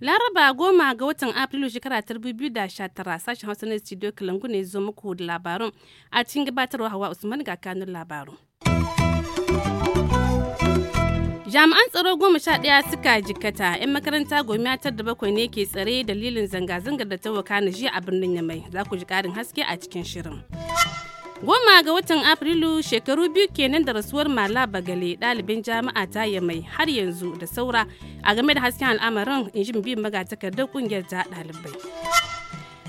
Laraba goma ga watan Afrilu shekara ta biyu da sha tara sashen Hausa na studio Kalangu ne zo muku da labarun a cikin gabatarwa Hawa Usman ga kanun labarun. jami'an tsaro goma sha ɗaya suka jikata 'yan makaranta goma tar da bakwai ne ke tsare dalilin zanga-zangar da ta wakana jiya a birnin yamai za ku ji ƙarin haske a cikin shirin goma ga watan afrilu shekaru biyu kenan da rasuwar mala bagale ɗalibin jami'a ta yamai har yanzu da saura a game da hasken al'amarin in ji magatakar da ƙungiyar ta ɗalibai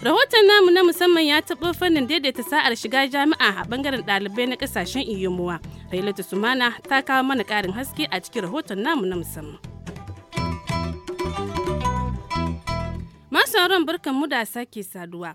Rahoton namu na musamman ya taɓo fannin daidaita sa'ar shiga jami'a a bangaren ɗalibai na ƙasashen Iyomuwa. Railatu Sumana ta kawo mana ƙarin haske a cikin rahoton namu na musamman. Masu barkan mu da sake saduwa.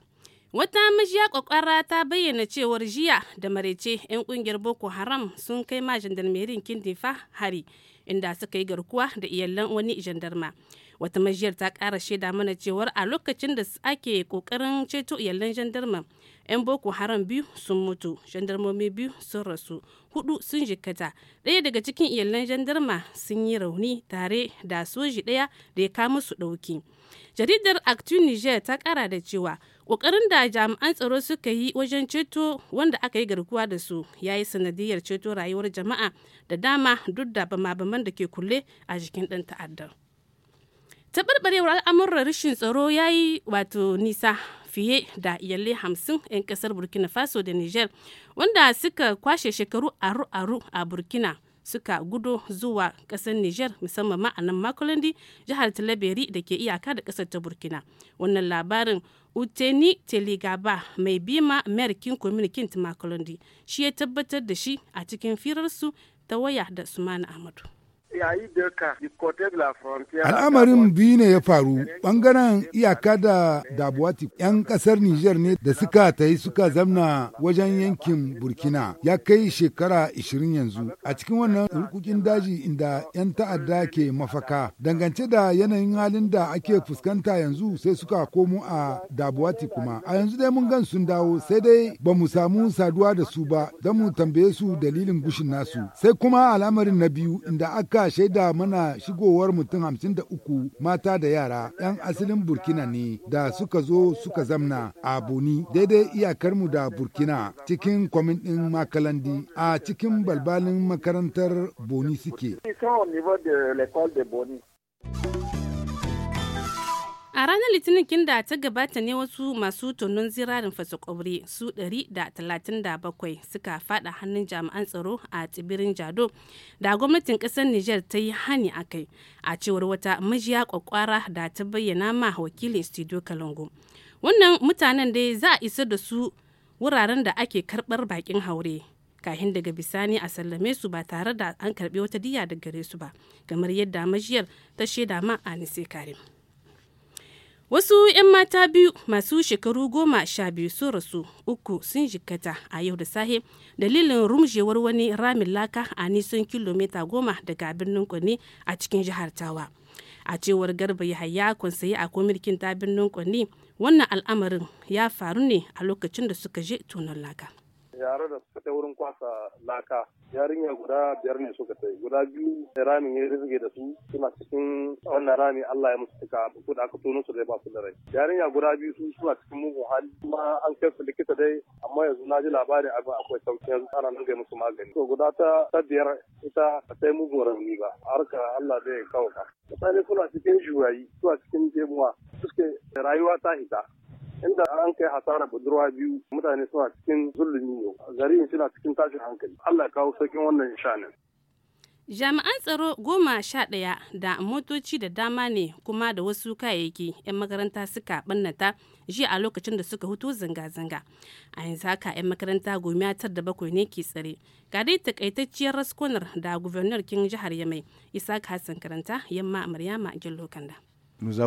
Wata majiya kwakwara ta bayyana cewar jiya da marece 'yan kungiyar Boko Haram sun kai ma jandarmerin Kindifa hari inda suka yi garkuwa da iyalan wani jandarma. Wata majiyar ta kara shaida mana cewar a lokacin da ake kokarin ceto iyalan jandarma 'yan Boko Haram biyu sun mutu, jandarmomi biyu sun rasu, hudu sun jikkata. Ɗaya daga cikin iyalan jandarma sun yi rauni tare da soji ɗaya da ya kama su ɗauki. Jaridar Actu Niger ta kara da cewa Ƙoƙarin da jami'an tsaro suka yi wajen ceto wanda aka yi garkuwa da su ya yi sanadiyar ceto rayuwar jama'a da dama duk da bama-baman da ke kulle a jikin ɗan ta'addar. Taɓarɓarewar al'amurra rashin tsaro ya yi wato nisa fiye da iyalai hamsin 'yan ƙasar Burkina Faso da Niger wanda suka kwashe shekaru aru-aru a Burkina. suka gudo zuwa kasar Nijar musamman ma a nan makolandi jihar talaberi da ke iyaka da kasar ta burkina wannan labarin uteni teligaba mai bima american Communicant makolandi shi ya tabbatar da shi a cikin firarsu ta waya da sumana ahmadu Al'amarin biyu ne ya faru ɓangaren iyaka da Dabuwati 'yan ƙasar Nijar ne da suka ta yi suka zamna wajen yankin Burkina ya kai shekara 20 yanzu a cikin wannan rukukin daji inda 'yan ta'adda ke mafaka. Dangance da yanayin halin da ake fuskanta yanzu sai suka komo a Dabuwati kuma. A yanzu dai mun gan sun dawo sai dai ba mu samu saduwa da su ba don mu tambaye su dalilin gushin nasu. Sai kuma al'amarin na biyu inda aka Bisa shaida mana shigowar mutum hamsin da uku mata da yara 'yan asalin Burkina ne da suka zo suka zamna a Boni daidai iyakarmu da Burkina cikin kwamin ɗin Makalandi a cikin balbalin makarantar Boni suke. a ranar litinin kin da ta gabata ne wasu masu tonon zirarin fasa kwabre su 137 suka fada hannun jami'an tsaro a tsibirin jado da gwamnatin kasar nijar ta yi hani a kai a cewar wata majiya kwakwara da ta bayyana ma wakilin studio kalango wannan mutanen dai za a isa da su wuraren da ake karbar bakin haure kahin daga bisani a sallame su ba tare da an karbi wata diya daga gare su ba kamar yadda majiyar ta shaida ma a nise karim Wasu 'yan mata biyu masu shekaru goma sha biyu sun rasu uku sun jikata a yau da sahe dalilin rumjewar wani ramin laka a nisan kilomita goma daga birnin Kwani a cikin jihar Tawa. A cewar Garba Yahaya kunsaye a komirkin ta birnin Kwani wannan al'amarin ya faru ne a lokacin da suka je tonon laka. yare da suka kai wurin kwasa laka yarinya guda biyar ne suka kai guda biyu da ya rizge da su suna cikin wannan rami Allah ya musu cika ko da aka tono su da ba su da rai yarinya guda biyu su suna cikin mugun hali kuma an kai su likita dai amma yanzu na ji labarin abin akwai sauki yanzu ana nan ga musu magani to guda ta ta biyar ita ta yi mugun rauni ba harka Allah zai kawo ka mutane suna cikin juyayi suna cikin jemuwa suke rayuwa ta hita inda an kai hasara budurwa biyu mutane suna cikin zulumi garin suna cikin tashin hankali Allah kawo saukin wannan shanin jami'an tsaro goma sha ɗaya da motoci da dama ne kuma da wasu kayayyaki 'yan makaranta suka ɓannata jiya a lokacin da suka hutu zanga-zanga a yanzu haka 'yan makaranta goma tar da bakwai ne ke tsare ga dai takaitacciyar raskunar da guvernar kin jihar yamai isaac hassan karanta yamma maryama gillo kanda Mun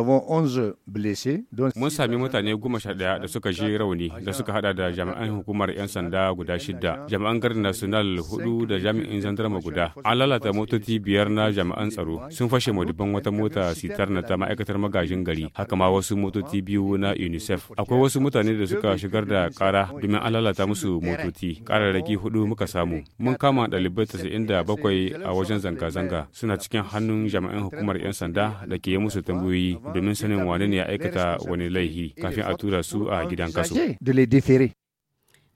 sami mutane goma sha ɗaya da suka je rauni da suka hada da jami'an hukumar 'yan sanda guda shida, jami'an gardin national hudu da jami'in zandarma guda. An lalata motoci biyar na jami'an tsaro sun fashe madubin wata mota sitar na ta ma'aikatar magajin gari, haka ma wasu motoci biyu na UNICEF. Akwai wasu mutane da suka shigar da kara domin an lalata musu motoci. Kararraki hudu muka samu. Mun kama ɗalibai tasa'in da bakwai a wajen zanga-zanga suna cikin hannun jami'an hukumar 'yan sanda da ke musu tambayoyi yi domin sanin wane ne ya aikata wani laihi kafin a tura su a gidan kaso.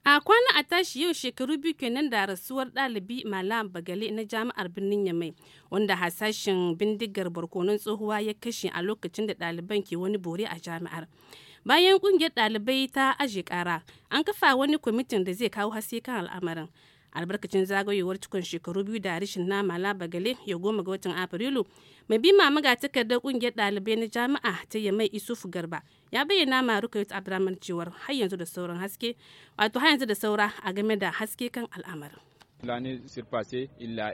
A kwana a tashi yau shekaru biyu kenan da rasuwar ɗalibi Malam Bagale na jami'ar birnin Yamai wanda hasashen bindigar barkonon tsohuwa ya kashe a lokacin da ɗaliban ke wani bore a jami'ar. Bayan kungiyar ɗalibai ta aje ƙara, an kafa wani kwamitin da zai kawo hasi kan al'amarin. albarkacin zagayowar cikon shekaru biyu da harshen nama labagale gale ya goma ga watan afrilu mai bi mamaga takardar kungiyar dalibai na jami'a ta yamai isufu garba ya bayyana ma rukayat abdurrahman cewar har yanzu da sauran haske wato har yanzu da saura a game da haske kan al'amarin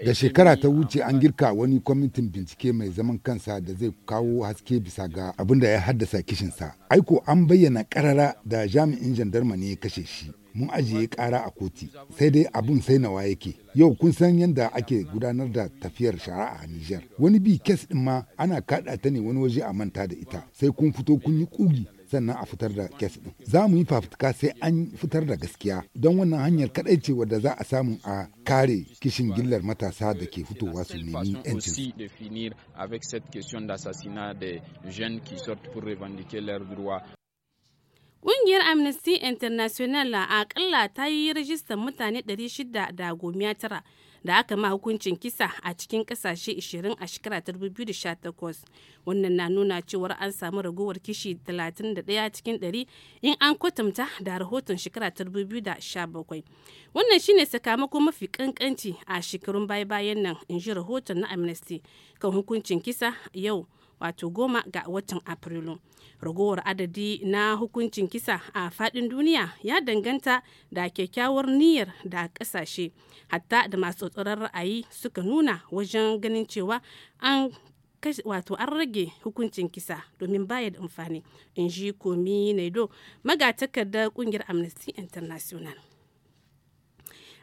da shekara ta wuce an girka wani kwamitin bincike mai zaman kansa da zai kawo haske bisa ga abin da ya haddasa kishinsa aiko an bayyana karara da jami'in jandarma ne kashe shi mun ajiye kara a koti sai dai abun sai nawa yake yau kun san yadda ake gudanar da tafiyar shari'a a Nijar wani bi kes din ma ana kaɗa ta ne wani waje a manta da ita sai kun fito kun yi ƙugi sannan a fitar da kes din za mu yi fafutuka sai an fitar da gaskiya don wannan hanyar kadai ce wadda za a samu a kare kishin gillar matasa da ke fitowa su nemi yancin Ƙungiyar Amnesty International a akalla ta yi rajistar mutane 600 da aka ma hukuncin kisa a cikin kasashe 20 a shekara 2018. Wannan na nuna cewar an samu ragowar kishi 31 cikin 100 in an kwatanta da rahoton shekara 2017. Wannan shine sakamako mafi kankanci a shekarun baya-bayan nan, in ji rahoton na Amnesty kan hukuncin kisa yau. wato goma ga watan afrilu ragowar adadi na hukuncin kisa a fadin duniya ya danganta da kyakkyawar niyyar da kasashe hatta da masu tsoron ra'ayi suka nuna wajen ganin cewa an wato an rage hukuncin kisa domin baya da amfani in ji komi naido magatakardar kungiyar amnesty international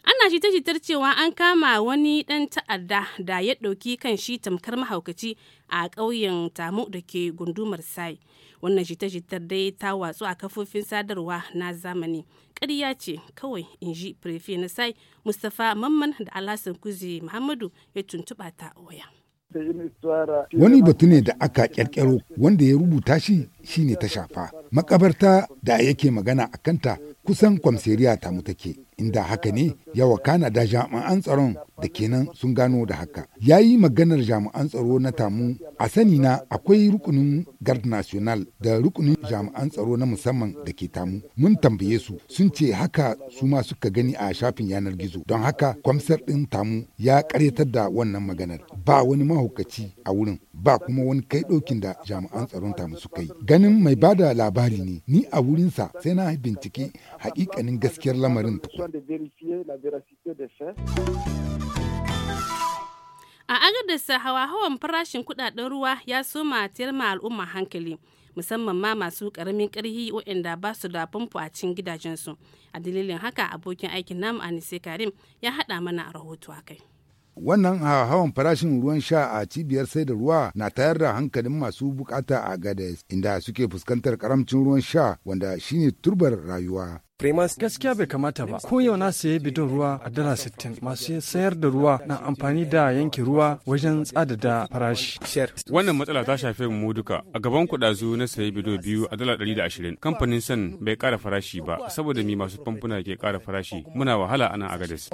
ana shi ta shitar cewa an kama wani ɗan ta'adda da ya ɗauki kan shi tamkar mahaukaci a ƙauyen tamu da ke gundumar sai wannan shi ta shitar dai ta watsu a kafofin sadarwa na zamani ƙarya ce kawai in ji prefe na sai mustapha mamman da alhassan kuzi muhammadu ya tuntuɓa ta waya wani batu ne da aka ƙyarƙyaro wanda ya rubuta shi shine ta shafa makabarta da yake magana a kanta kusan kwamseriya ta mu take inda haka ne yawa kana da jami'an tsaron da kenan sun gano da haka ya yi maganar jami'an tsaro na tamu a sani na akwai rukunin guard national da rukunin jami'an tsaro na musamman da ke tamu mun tambaye su sun ce haka su ma suka gani a shafin yanar gizo don haka kwamsar ɗin tamu ya karyatar da wannan maganar ba wani mahaukaci a wurin ba kuma wani kai ɗaukin da jami'an tsaron ta musu kai ganin mai bada labari ne ni a wurinsa sai na bincike hakikanin gaskiyar lamarin a a sa hawa-hawan farashin kudaden ruwa ya soma ma al'umma hankali musamman ma masu karamin karhi waɗanda ba su da famfo a cikin gidajensu a dalilin haka abokin aikin namu anise karim ya haɗa mana a rahoto a kai Wannan hawan farashin ruwan sha a cibiyar sai da ruwa na tayar da hankalin masu bukata a Gades, inda suke fuskantar karamcin ruwan sha wanda shine turbar rayuwa. Gaskiya bai kamata ba. Ko yau na sayi bidon ruwa a dala sittin masu sayar da ruwa na amfani da yanke ruwa wajen tsadada farashi. Wannan matsala ta shafe mu duka. A gaban zu na sayi bidon biyu a dala ɗari da ashirin. Kamfanin san bai kara farashi ba saboda mi masu famfuna ke kara farashi. Muna wahala ana nan Agades.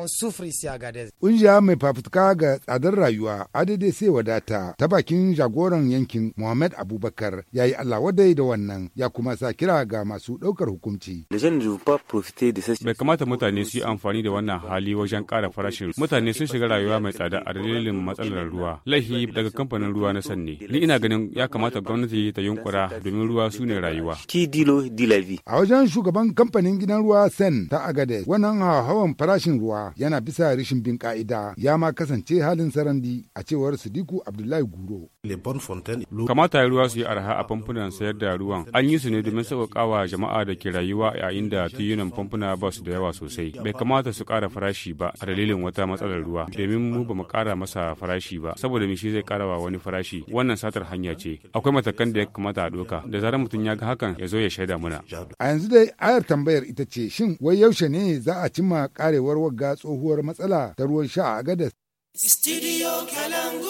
Ƙungiya mai fafutuka ga tsadar rayuwa adade sai wadata ta bakin jagoran yankin Muhammad Abubakar ya yi Allah wadai da wannan ya kuma sa kira ga masu ɗaukar hukunci. Bai kamata mutane su yi amfani da wannan hali wajen ƙara farashin mutane sun shiga rayuwa mai tsada a dalilin matsalar ruwa. Laihi daga kamfanin ruwa na sanne. Ni ina ganin ya kamata gwamnati ta yunkura domin ruwa su ne rayuwa. A wajen shugaban kamfanin gidan ruwa Sen ta Agade wannan hawan farashin ruwa yana bisa rashin bin ka'ida ya ma kasance halin sarandi a cewar Sidiku Abdullahi Guro. Kamata ya ruwa su yi arha a famfunan sayar da ruwan. An yi su ne domin sauƙaƙawa jama'a da ke rayuwa yayin da tiyunan famfuna ba su da yawa sosai. Bai kamata su ƙara farashi ba a dalilin wata matsalar ruwa. Domin mu ba mu ƙara masa farashi ba. Saboda me shi zai ƙara wa wani farashi. Wannan satar hanya ce. Akwai matakan da ya kamata a ɗauka. Da zarar mutum ya ga hakan ya zo ya shaida muna. A yanzu dai ayar tambayar ita ce shin wai yaushe ne za a cimma karewar wagga tsohuwar matsala ta ruwan sha a gadas Studio Kalangu.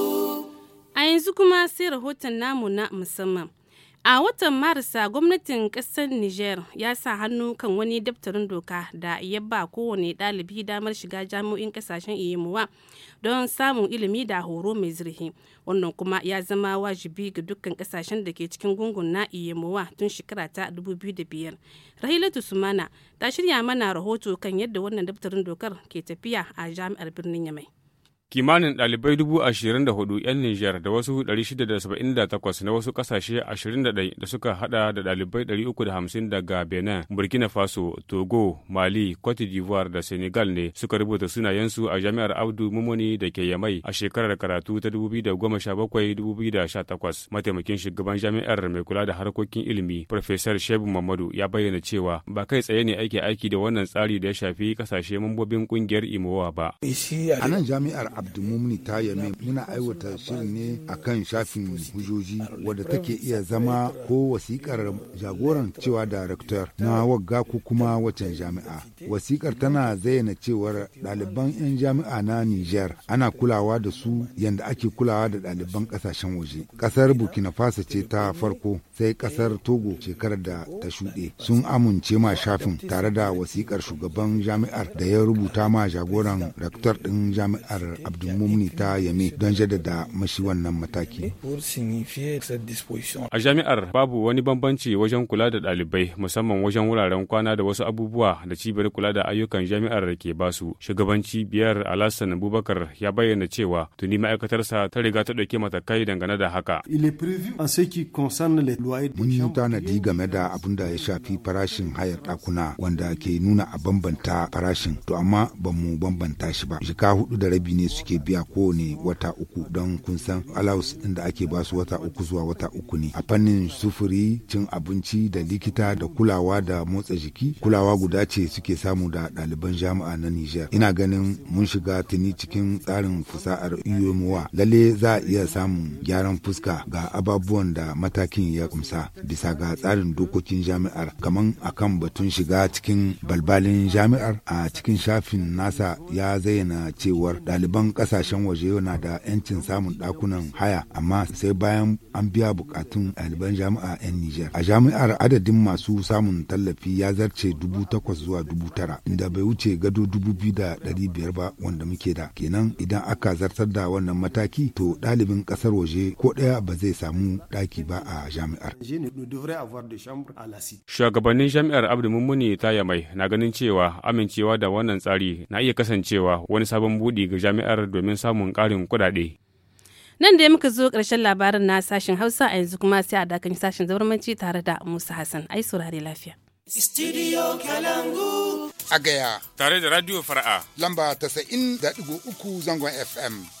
A yanzu kuma sai rahoton namu na musamman. A watan Marisa gwamnatin ƙasar Niger ya sa hannu kan wani daftarin doka da ya ba kowane ɗalibi damar shiga jami'o'in ƙasashen iyamuwa don samun ilimi da horo mai zurfi. Wannan kuma ya zama wajibi ga dukkan ƙasashen da ke cikin gungun na iyamuwa tun shekara ta 2005. Rahilatu Sumana ta shirya mana rahoto kan yadda wannan daftarin dokar ke tafiya a jami'ar birnin Yamai. kimanin ɗalibai dubu ashirin da hudu 'yan Nijar da wasu takwas na wasu ƙasashe ashirin da suka hada da ɗalibai hamsin daga Benin, Burkina Faso, Togo, Mali, Cote d'Ivoire da Senegal ne suka rubuta sunayensu a Jami'ar Abdu Mumuni da ke Yamai a shekarar karatu ta goma sha bakwai sha takwas Mataimakin shugaban jami'ar mai kula da harkokin ilimi, Profesor Shebu Mamadu ya bayyana cewa ba kai tsaye ne aiki aiki da wannan tsari da ya shafi ƙasashe mambobin ƙungiyar Imowa ba. A nan jami'ar abdulmumni ta yame muna aiwata shirin ne a kan shafin hujoji wadda take iya zama ko wasikar jagoran cewa daraktar na wagga ko kuma wacan jami'a wasikar tana zayyana cewar ɗaliban 'yan jami'a na niger ana kulawa da su yadda ake kulawa da ɗaliban ƙasashen waje ƙasar burkina faso ce ta farko sai ƙasar togo shekarar da ta shuɗe sun amince ma shafin tare da wasikar shugaban jami'ar da ya rubuta ma jagoran rektor ɗin jami'ar abdulmumni ta yame don jaddada mashi wannan mataki a jami'ar babu wani bambanci wajen kula da ɗalibai musamman wajen wuraren kwana da wasu abubuwa da cibiyar kula da ayyukan jami'ar da ke basu shugabanci biyar alasan abubakar ya bayyana cewa tuni ma'aikatarsa ta riga ta ɗauki matakai dangane da haka mun yi tanadi game da abin da ya shafi farashin hayar ɗakuna wanda ke nuna a bambanta farashin to amma ba mu bambanta shi ba jika hudu da rabi ne su suke biya kowane wata uku don kun san alaus inda da ake basu wata uku zuwa wata uku ne a fannin sufuri cin abinci da likita da kulawa da motsa jiki kulawa guda ce suke samu da ɗaliban jami'a na Nijar ina ganin mun shiga tuni cikin tsarin fusa'ar iyomowa lalle za a iya samun gyaran fuska ga ababuwan da matakin ya kumsa bisa ga tsarin dokokin jami'ar kaman akan batun shiga cikin balbalin jami'ar a cikin shafin nasa ya zayyana cewar ɗaliban Ɗaliban kasashen waje na da 'yancin samun dakunan haya amma sai bayan an biya bukatun ɗaliban jami'a 'yan Nijar. A jami'ar adadin masu samun tallafi ya zarce dubu takwas zuwa dubu tara inda bai wuce gado dubu biyu da ɗari biyar ba wanda muke da. Kenan idan aka zartar da wannan mataki to ɗalibin ƙasar waje ko ɗaya ba zai samu ɗaki ba a jami'ar. Shugabannin jami'ar Abdu Mummuni Tayamai na ganin cewa amincewa da wannan tsari na iya kasancewa wani sabon buɗi ga jami'ar shari'ar domin samun ƙarin kuɗaɗe. Nan da muka zo ƙarshen labarin na sashen Hausa a yanzu kuma sai a dakan sashen zaurmanci tare da Musa Hassan. Ai saurare lafiya. Studio Kalangu. A gaya. Tare da Radio Fara'a. Lamba 90.3 zangon FM.